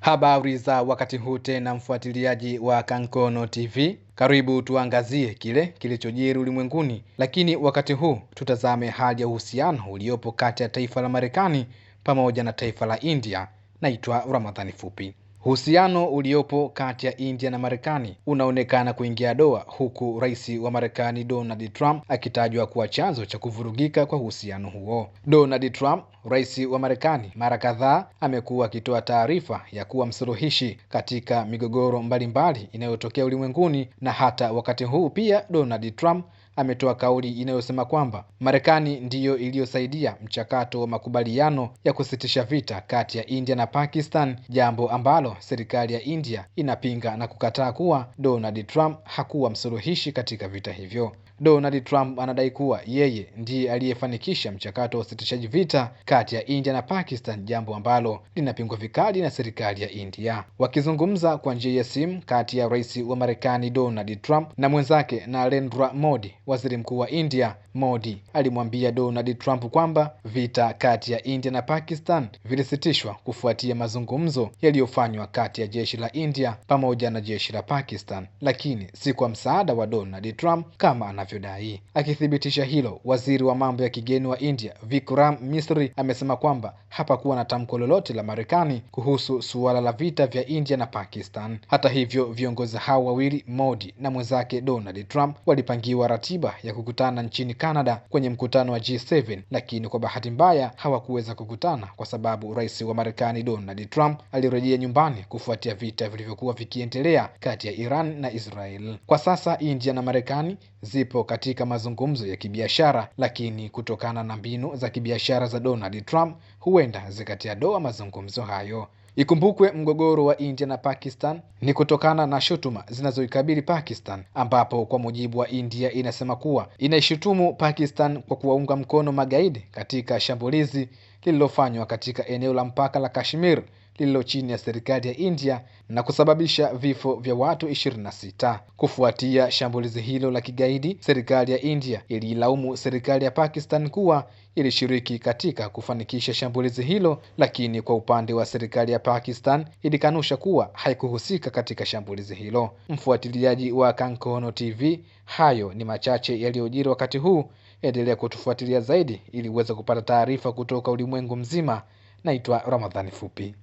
Habari za wakati huu tena, mfuatiliaji wa Kankono TV, karibu tuangazie kile kilichojiri ulimwenguni, lakini wakati huu tutazame hali ya uhusiano uliopo kati ya taifa la Marekani pamoja na taifa la India. Naitwa Ramadhani Fupi. Uhusiano uliopo kati ya India na Marekani unaonekana kuingia doa, huku rais wa Marekani Donald Trump akitajwa kuwa chanzo cha kuvurugika kwa uhusiano huo. Donald Trump, rais wa Marekani, mara kadhaa amekuwa akitoa taarifa ya kuwa msuluhishi katika migogoro mbalimbali inayotokea ulimwenguni, na hata wakati huu pia Donald Trump ametoa kauli inayosema kwamba Marekani ndiyo iliyosaidia mchakato wa makubaliano ya kusitisha vita kati ya India na Pakistan, jambo ambalo serikali ya India inapinga na kukataa kuwa Donald Trump hakuwa msuluhishi katika vita hivyo. Donald Trump anadai kuwa yeye ndiye aliyefanikisha mchakato wa usitishaji vita kati ya India na Pakistan, jambo ambalo linapingwa vikali na serikali ya India. Wakizungumza kwa njia ya simu kati ya rais wa Marekani Donald Trump na mwenzake Narendra Modi waziri mkuu wa India Modi alimwambia Donald Trump kwamba vita kati ya India na Pakistan vilisitishwa kufuatia mazungumzo yaliyofanywa kati ya jeshi la India pamoja na jeshi la Pakistan, lakini si kwa msaada wa Donald Trump kama anavyodai. Akithibitisha hilo, waziri wa mambo ya kigeni wa India Vikram Misri amesema kwamba hapakuwa na tamko lolote la Marekani kuhusu suala la vita vya India na Pakistan. Hata hivyo, viongozi hao wawili Modi na mwenzake Donald Trump walipangiwa ratiba ratiba ya kukutana nchini Canada kwenye mkutano wa G7, lakini kwa bahati mbaya hawakuweza kukutana kwa sababu rais wa Marekani Donald Trump alirejea nyumbani kufuatia vita vilivyokuwa vikiendelea kati ya Iran na Israel. Kwa sasa India na Marekani zipo katika mazungumzo ya kibiashara, lakini kutokana na mbinu za kibiashara za Donald Trump huenda zikatia doa mazungumzo hayo. Ikumbukwe mgogoro wa India na Pakistan ni kutokana na shutuma zinazoikabili Pakistan, ambapo kwa mujibu wa India inasema kuwa inaishutumu Pakistan kwa kuwaunga mkono magaidi katika shambulizi lililofanywa katika eneo la mpaka la Kashmir lililo chini ya serikali ya India na kusababisha vifo vya watu 26. Kufuatia shambulizi hilo la kigaidi, serikali ya India iliilaumu serikali ya Pakistan kuwa ilishiriki katika kufanikisha shambulizi hilo, lakini kwa upande wa serikali ya Pakistan ilikanusha kuwa haikuhusika katika shambulizi hilo. Mfuatiliaji wa Kankono TV, hayo ni machache yaliyojiri wakati huu. Endelea kutufuatilia zaidi ili uweze kupata taarifa kutoka ulimwengu mzima. Naitwa Ramadhani Fupi.